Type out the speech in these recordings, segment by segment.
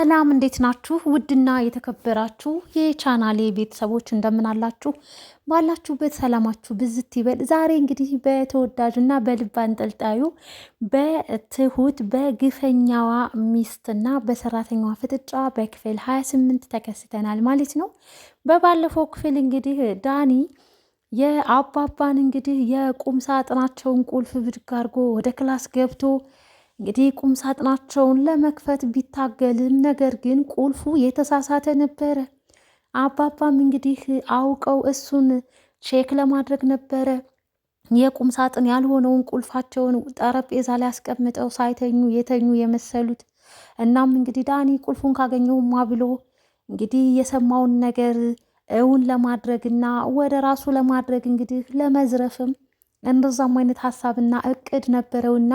ሰላም እንዴት ናችሁ? ውድና የተከበራችሁ የቻናሌ ቤተሰቦች እንደምን አላችሁ? ባላችሁበት ሰላማችሁ ብዝት ይበል። ዛሬ እንግዲህ በተወዳጅና በልብ አንጠልጣዩ በትሁት በግፈኛዋ ሚስትና በሰራተኛዋ ፍጥጫ በክፍል 28 ተከስተናል ማለት ነው። በባለፈው ክፍል እንግዲህ ዳኒ የአባባን እንግዲህ የቁም ሳጥናቸውን ቁልፍ ብድግ አድርጎ ወደ ክላስ ገብቶ እንግዲህ ቁም ሳጥናቸውን ለመክፈት ቢታገልም ነገር ግን ቁልፉ የተሳሳተ ነበረ። አባባም እንግዲህ አውቀው እሱን ቼክ ለማድረግ ነበረ የቁም ሳጥን ያልሆነውን ቁልፋቸውን ጠረጴዛ ላይ አስቀምጠው ሳይተኙ የተኙ የመሰሉት። እናም እንግዲህ ዳኒ ቁልፉን ካገኘውማ ብሎ እንግዲህ የሰማውን ነገር እውን ለማድረግና ወደ ራሱ ለማድረግ እንግዲህ ለመዝረፍም እንደዛም አይነት ሀሳብና እቅድ ነበረውና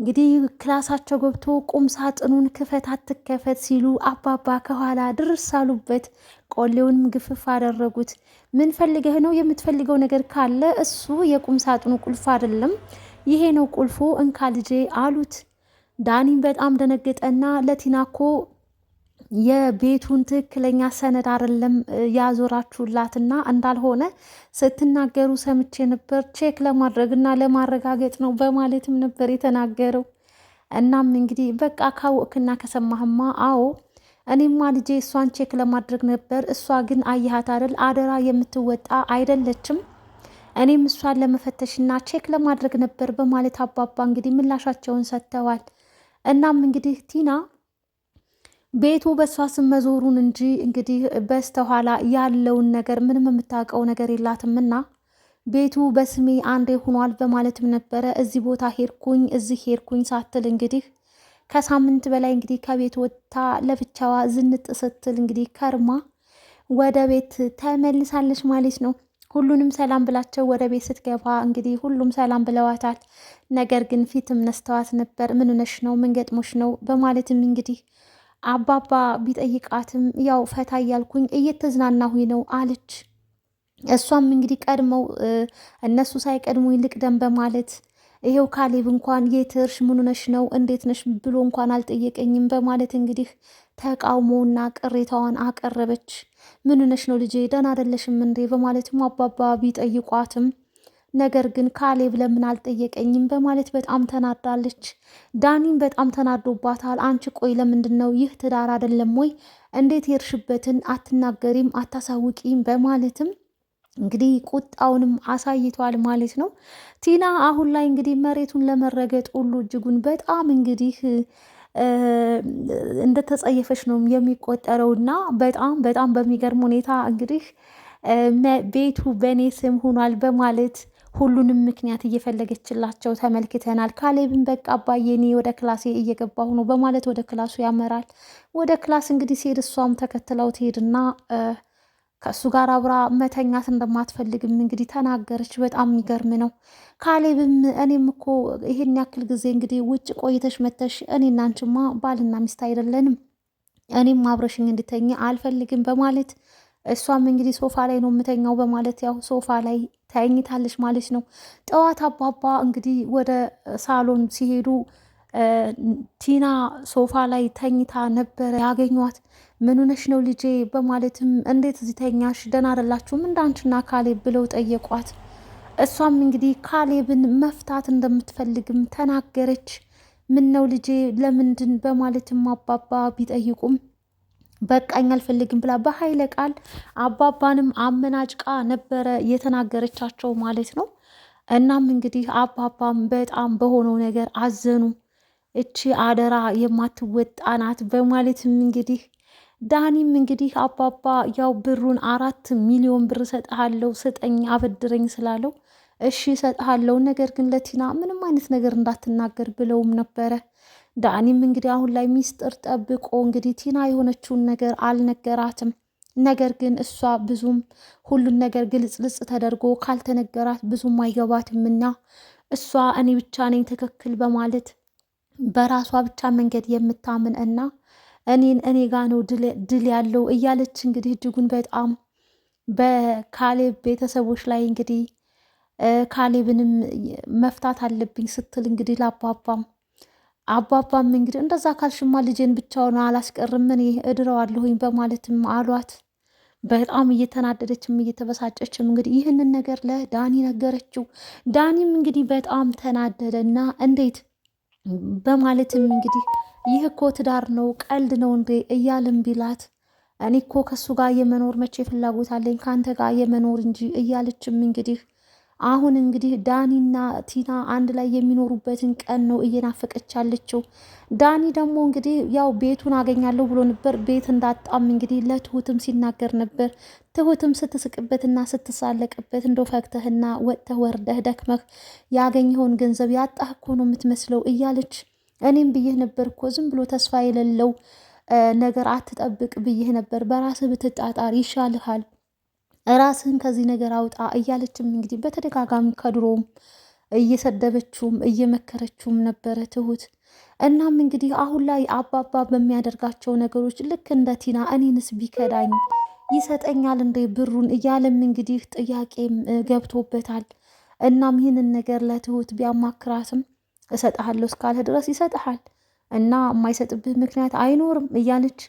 እንግዲህ ክላሳቸው ገብቶ ቁም ሳጥኑን ክፈት አትከፈት ሲሉ አባባ ከኋላ ድርስ አሉበት። ቆሌውንም ግፍፍ አደረጉት። ምን ፈልገህ ነው? የምትፈልገው ነገር ካለ እሱ የቁም ሳጥኑ ቁልፍ አይደለም፣ ይሄ ነው ቁልፉ፣ እንካ ልጄ አሉት። ዳኒም በጣም ደነገጠና ለቲናኮ የቤቱን ትክክለኛ ሰነድ አይደለም ያዞራችሁላትና እንዳልሆነ ስትናገሩ ሰምቼ ነበር። ቼክ ለማድረግና ለማረጋገጥ ነው በማለትም ነበር የተናገረው። እናም እንግዲህ በቃ ካወቅክና ከሰማህማ፣ አዎ እኔማ ልጄ እሷን ቼክ ለማድረግ ነበር። እሷ ግን አየሃት አይደል አደራ የምትወጣ አይደለችም። እኔም እሷን ለመፈተሽና ቼክ ለማድረግ ነበር በማለት አባባ እንግዲህ ምላሻቸውን ሰጥተዋል። እናም እንግዲህ ቲና ቤቱ በእሷ ስም መዞሩን እንጂ እንግዲህ በስተኋላ ያለውን ነገር ምንም የምታውቀው ነገር የላትምና ቤቱ በስሜ አንዴ ሆኗል በማለትም ነበረ እዚህ ቦታ ሄድኩኝ እዚህ ሄድኩኝ ሳትል እንግዲህ ከሳምንት በላይ እንግዲህ ከቤት ወጥታ ለብቻዋ ዝንጥ ስትል እንግዲህ ከርማ ወደ ቤት ተመልሳለች ማለት ነው። ሁሉንም ሰላም ብላቸው ወደ ቤት ስትገባ እንግዲህ ሁሉም ሰላም ብለዋታል። ነገር ግን ፊትም ነስተዋት ነበር። ምን ነሽ ነው? ምን ገጥሞሽ ነው? በማለትም እንግዲህ አባባ ቢጠይቃትም ያው ፈታ እያልኩኝ እየተዝናናሁኝ ነው አለች። እሷም እንግዲህ ቀድመው እነሱ ይልቅ ልቅደም በማለት ይሄው ካሌብ እንኳን የትርሽ ምኑነሽ ነው እንዴት ነሽ ብሎ እንኳን አልጠየቀኝም በማለት እንግዲህ ተቃውሞና ቅሬታዋን አቀረበች። ምኑነሽ ነው ልጄ ደህና አይደለሽም እንዴ በማለትም አባባ ቢጠይቋትም ነገር ግን ካሌብ ለምን አልጠየቀኝም በማለት በጣም ተናዳለች። ዳኒም በጣም ተናዶባታል። አንቺ ቆይ ለምንድን ነው ይህ ትዳር አይደለም ወይ? እንዴት የርሽበትን አትናገሪም አታሳውቂም? በማለትም እንግዲህ ቁጣውንም አሳይቷል ማለት ነው። ቲና አሁን ላይ እንግዲህ መሬቱን ለመረገጥ ሁሉ እጅጉን በጣም እንግዲህ እንደተጸየፈች ነው የሚቆጠረው እና በጣም በጣም በሚገርም ሁኔታ እንግዲህ ቤቱ በእኔ ስም ሆኗል በማለት ሁሉንም ምክንያት እየፈለገችላቸው ተመልክተናል። ካሌብን በቃ አባዬ እኔ ወደ ክላሴ እየገባሁ ነው በማለት ወደ ክላሱ ያመራል። ወደ ክላስ እንግዲህ ሲሄድ እሷም ተከትለው ትሄድና ከእሱ ጋር አብራ መተኛት እንደማትፈልግም እንግዲህ ተናገረች። በጣም የሚገርም ነው። ካሌብም እኔም እኮ ይሄን ያክል ጊዜ እንግዲህ ውጭ ቆይተሽ መተሽ እኔና አንቺማ ባልና ሚስት አይደለንም፣ እኔም አብረሽኝ እንድተኛ አልፈልግም በማለት እሷም እንግዲህ ሶፋ ላይ ነው የምተኛው በማለት ያው ሶፋ ላይ ተኝታለች ማለት ነው። ጠዋት አባባ እንግዲህ ወደ ሳሎን ሲሄዱ ቲና ሶፋ ላይ ተኝታ ነበረ ያገኟት። ምን ሆነሽ ነው ልጄ? በማለትም እንዴት እዚህ ተኛሽ? ደህና አይደላችሁም እንዳንችና ካሌብ ብለው ጠየቋት። እሷም እንግዲህ ካሌብን መፍታት እንደምትፈልግም ተናገረች። ምን ነው ልጄ ለምንድን በማለትም አባባ ቢጠይቁም በቃኝ አልፈልግም ብላ በኃይለ ቃል አባባንም አመናጭቃ ነበረ የተናገረቻቸው ማለት ነው። እናም እንግዲህ አባባም በጣም በሆነው ነገር አዘኑ። እቺ አደራ የማትወጣ ናት በማለትም እንግዲህ ዳኒም እንግዲህ አባባ ያው ብሩን አራት ሚሊዮን ብር ሰጥሃለው ስጠኝ አበድረኝ ስላለው እሺ ሰጥሃለው፣ ነገር ግን ለቲና ምንም አይነት ነገር እንዳትናገር ብለውም ነበረ ዳኒም እንግዲህ አሁን ላይ ሚስጥር ጠብቆ እንግዲህ ቲና የሆነችውን ነገር አልነገራትም። ነገር ግን እሷ ብዙም ሁሉን ነገር ግልጽልጽ ተደርጎ ካልተነገራት ብዙም አይገባትም እና እሷ እኔ ብቻ ነኝ ትክክል በማለት በራሷ ብቻ መንገድ የምታምን እና እኔን እኔ ጋ ነው ድል ያለው እያለች እንግዲህ እጅጉን በጣም በካሌብ ቤተሰቦች ላይ እንግዲህ ካሌብንም መፍታት አለብኝ ስትል እንግዲህ ላባባም አባባም እንግዲህ እንደዛ ካልሽማ ልጄን ብቻውን አላስቀርም እኔ እድረዋለሁኝ በማለትም አሏት። በጣም እየተናደደችም እየተበሳጨችም እንግዲህ ይህንን ነገር ለዳኒ ነገረችው። ዳኒም እንግዲህ በጣም ተናደደ እና እንዴት በማለትም እንግዲህ ይህ እኮ ትዳር ነው ቀልድ ነው እንዴ እያልም ቢላት እኔ እኮ ከእሱ ጋር የመኖር መቼ ፍላጎት አለኝ ከአንተ ጋር የመኖር እንጂ እያለችም እንግዲህ አሁን እንግዲህ ዳኒና ቲና አንድ ላይ የሚኖሩበትን ቀን ነው እየናፈቀች ያለችው። ዳኒ ደግሞ እንግዲህ ያው ቤቱን አገኛለሁ ብሎ ነበር። ቤት እንዳጣም እንግዲህ ለትሁትም ሲናገር ነበር። ትሁትም ስትስቅበትና ስትሳለቅበት እንደ ፈግተህና ወጥተህ ወርደህ ደክመህ ያገኘኸውን ገንዘብ ያጣህ እኮ ነው የምትመስለው እያለች እኔም ብዬህ ነበር እኮ ዝም ብሎ ተስፋ የሌለው ነገር አትጠብቅ ብዬህ ነበር። በራስህ ብትጣጣር ይሻልሃል ራስህን ከዚህ ነገር አውጣ እያለችም እንግዲህ በተደጋጋሚ ከድሮም እየሰደበችውም እየመከረችውም ነበረ ትሁት። እናም እንግዲህ አሁን ላይ አባባ በሚያደርጋቸው ነገሮች ልክ እንደ ቲና እኔንስ ቢከዳኝ ይሰጠኛል እንደ ብሩን እያለም እንግዲህ ጥያቄም ገብቶበታል። እናም ይህንን ነገር ለትሁት ቢያማክራትም እሰጥሃለሁ እስካለ ድረስ ይሰጥሃል እና የማይሰጥብህ ምክንያት አይኖርም እያለች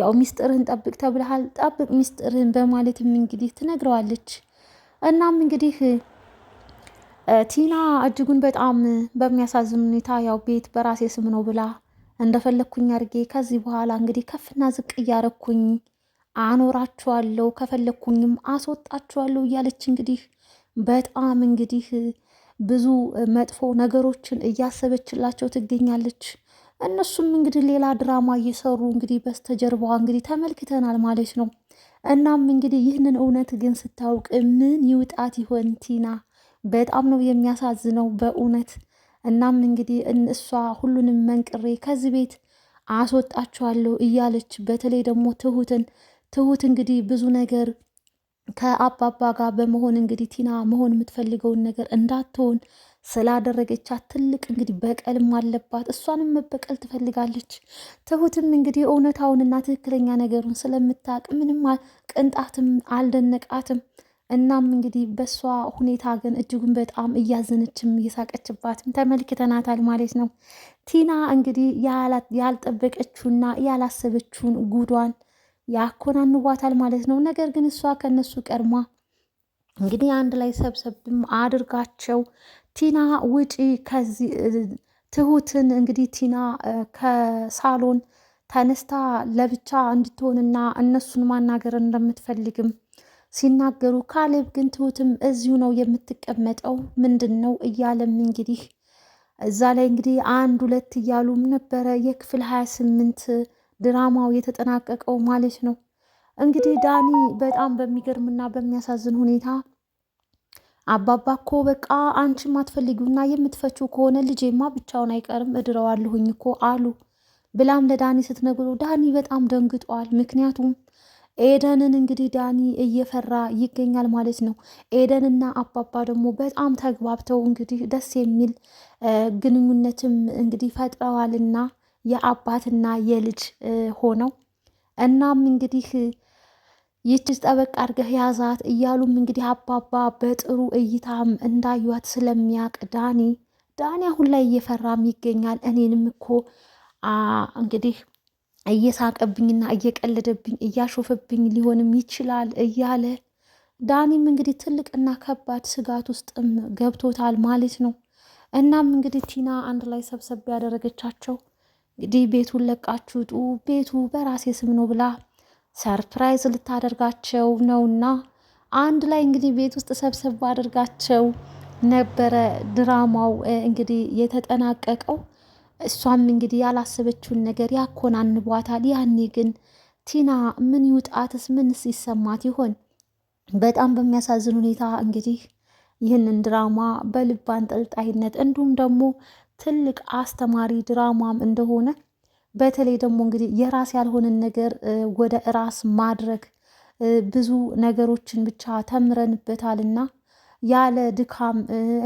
ያው ሚስጥርህን ጠብቅ ተብለሃል፣ ጠብቅ ሚስጥርህን በማለትም እንግዲህ ትነግረዋለች። እናም እንግዲህ ቲና እጅጉን በጣም በሚያሳዝን ሁኔታ ያው ቤት በራሴ ስም ነው ብላ እንደፈለግኩኝ አድርጌ ከዚህ በኋላ እንግዲህ ከፍና ዝቅ እያረኩኝ አኖራችኋለሁ ከፈለግኩኝም አስወጣችኋለሁ እያለች እንግዲህ በጣም እንግዲህ ብዙ መጥፎ ነገሮችን እያሰበችላቸው ትገኛለች። እነሱም እንግዲህ ሌላ ድራማ እየሰሩ እንግዲህ በስተጀርባዋ እንግዲህ ተመልክተናል ማለት ነው። እናም እንግዲህ ይህንን እውነት ግን ስታውቅ ምን ይውጣት ይሆን ቲና? በጣም ነው የሚያሳዝነው በእውነት። እናም እንግዲህ እሷ ሁሉንም መንቅሬ ከዚህ ቤት አስወጣችኋለሁ እያለች በተለይ ደግሞ ትሁትን ትሁት እንግዲህ ብዙ ነገር ከአባባ ጋር በመሆን እንግዲህ ቲና መሆን የምትፈልገውን ነገር እንዳትሆን ስላደረገቻት ትልቅ እንግዲህ በቀልም አለባት። እሷንም መበቀል ትፈልጋለች። ትሁትም እንግዲህ እውነታውንና ትክክለኛ ነገሩን ስለምታውቅ ምንም ቅንጣትም አልደነቃትም። እናም እንግዲህ በእሷ ሁኔታ ግን እጅጉን በጣም እያዘነችም እየሳቀችባትም ተመልክተናታል ማለት ነው። ቲና እንግዲህ ያልጠበቀችውና ያላሰበችውን ጉዷን ያኮናንቧታል ማለት ነው። ነገር ግን እሷ ከነሱ ቀድማ እንግዲህ አንድ ላይ ሰብሰብም አድርጋቸው ቲና ውጪ ከዚህ ትሁትን እንግዲህ ቲና ከሳሎን ተነስታ ለብቻ እንድትሆንና እነሱን ማናገር እንደምትፈልግም ሲናገሩ፣ ካሌብ ግን ትሁትም እዚሁ ነው የምትቀመጠው ምንድን ነው እያለም እንግዲህ እዛ ላይ እንግዲህ አንድ ሁለት እያሉም ነበረ የክፍል ሀያ ስምንት ድራማው የተጠናቀቀው ማለት ነው። እንግዲህ ዳኒ በጣም በሚገርምና በሚያሳዝን ሁኔታ አባባ እኮ በቃ አንቺ ማትፈልጊውና የምትፈቹ ከሆነ ልጄማ ብቻውን አይቀርም እድረዋለሁኝ እኮ አሉ ብላም ለዳኒ ስትነግረው ዳኒ በጣም ደንግጧል። ምክንያቱም ኤደንን እንግዲህ ዳኒ እየፈራ ይገኛል ማለት ነው። ኤደንና አባባ ደግሞ በጣም ተግባብተው እንግዲህ ደስ የሚል ግንኙነትም እንግዲህ ፈጥረዋልና የአባትና የልጅ ሆነው እናም እንግዲህ ይህች ጠበቅ አድርገህ ያዛት እያሉም እንግዲህ አባባ በጥሩ እይታም እንዳዩት ስለሚያቅ ዳኒ ዳኒ አሁን ላይ እየፈራም ይገኛል። እኔንም እኮ እንግዲህ እየሳቀብኝና እየቀለደብኝ እያሾፈብኝ ሊሆንም ይችላል እያለ ዳኒም እንግዲህ ትልቅና ከባድ ስጋት ውስጥም ገብቶታል ማለት ነው። እናም እንግዲህ ቲና አንድ ላይ ሰብሰብ ያደረገቻቸው እንግዲህ ቤቱን ለቃችሁ ውጡ፣ ቤቱ በራሴ ስም ነው ብላ ሰርፕራይዝ ልታደርጋቸው ነውና አንድ ላይ እንግዲህ ቤት ውስጥ ሰብሰብ አድርጋቸው ነበረ ድራማው እንግዲህ የተጠናቀቀው። እሷም እንግዲህ ያላሰበችውን ነገር ያኮናንቧታል። ያኔ ግን ቲና ምን ይውጣትስ? ምንስ ይሰማት ይሆን? በጣም በሚያሳዝን ሁኔታ እንግዲህ ይህንን ድራማ በልብ አንጠልጣይነት እንዲሁም ደግሞ ትልቅ አስተማሪ ድራማም እንደሆነ በተለይ ደግሞ እንግዲህ የራስ ያልሆነን ነገር ወደ ራስ ማድረግ ብዙ ነገሮችን ብቻ ተምረንበታልና ያለ ድካም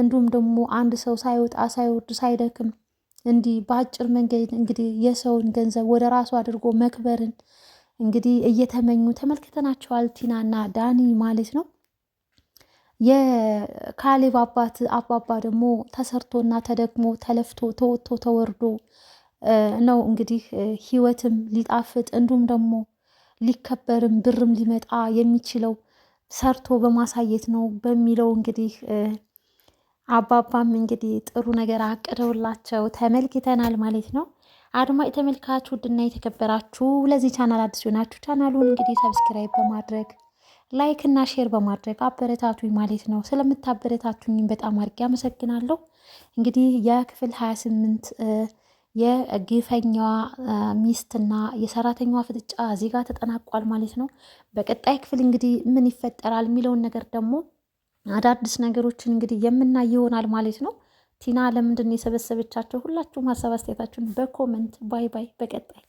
እንዲሁም ደግሞ አንድ ሰው ሳይወጣ ሳይወርድ ሳይደክም እንዲህ በአጭር መንገድ እንግዲህ የሰውን ገንዘብ ወደ ራሱ አድርጎ መክበርን እንግዲህ እየተመኙ ተመልክተናቸዋል። ቲናና ዳኒ ማለት ነው። የካሌብ አባት አባባ ደግሞ ተሰርቶና ተደክሞ ተለፍቶ ተወጥቶ ተወርዶ ነው እንግዲህ ህይወትም ሊጣፍጥ እንዲሁም ደግሞ ሊከበርም ብርም ሊመጣ የሚችለው ሰርቶ በማሳየት ነው በሚለው እንግዲህ አባባም እንግዲህ ጥሩ ነገር አቅደውላቸው ተመልክተናል ማለት ነው። አድማጭ ተመልካች ውድና የተከበራችሁ ለዚህ ቻናል አዲስ ሆናችሁ ቻናሉን እንግዲህ ሰብስክራይብ በማድረግ ላይክ እና ሼር በማድረግ አበረታቱኝ ማለት ነው። ስለምታበረታቱኝም በጣም አድርጌ አመሰግናለሁ። እንግዲህ የክፍል ሀያ ስምንት የግፈኛዋ ሚስትና የሰራተኛዋ ፍጥጫ እዚህ ጋር ተጠናቋል ማለት ነው። በቀጣይ ክፍል እንግዲህ ምን ይፈጠራል የሚለውን ነገር ደግሞ አዳዲስ ነገሮችን እንግዲህ የምናይ ይሆናል ማለት ነው። ቲና ለምንድን ነው የሰበሰበቻቸው? ሁላችሁም ሀሳብ አስተያየታችሁን በኮመንት ባይ ባይ። በቀጣይ